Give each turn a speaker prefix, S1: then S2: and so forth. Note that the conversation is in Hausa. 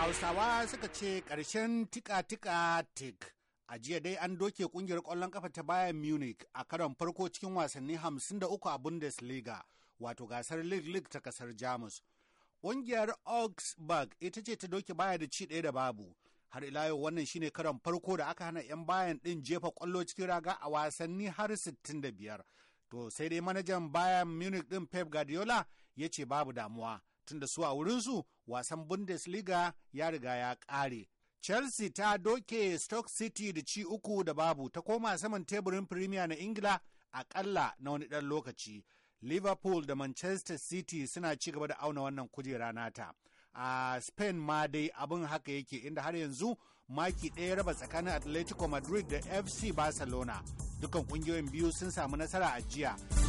S1: Hausawa suka ce ƙarshen tika-tika tik. A jiya dai an doke kungiyar kwallon ƙafa ta Bayern Munich a karon farko cikin wasanni 53 a Bundesliga, wato gasar League lig ta kasar Jamus. Ƙungiyar Augsburg ita ce ta doke baya da ci ɗaya da babu. Har ila yau wannan shine karon farko da aka hana 'yan bayan ɗin jefa kwallo cikin raga a wasanni har 65. To sai dai manajan Bayern Munich ɗin Pep Guardiola ya ce babu damuwa. tunda su a wurinsu wasan Bundesliga ya riga ya ƙare. Chelsea ta doke Stoke City da ci uku da babu ta koma saman teburin Premier na Ingila aƙalla na wani ɗan lokaci. Liverpool da Manchester City suna ci gaba da auna wannan kujera nata. A Spain ma dai abin haka yake inda har yanzu maki ɗaya raba tsakanin Atletico Madrid da FC Barcelona. Dukan ƙungiyoyin biyu sun samu nasara a jiya.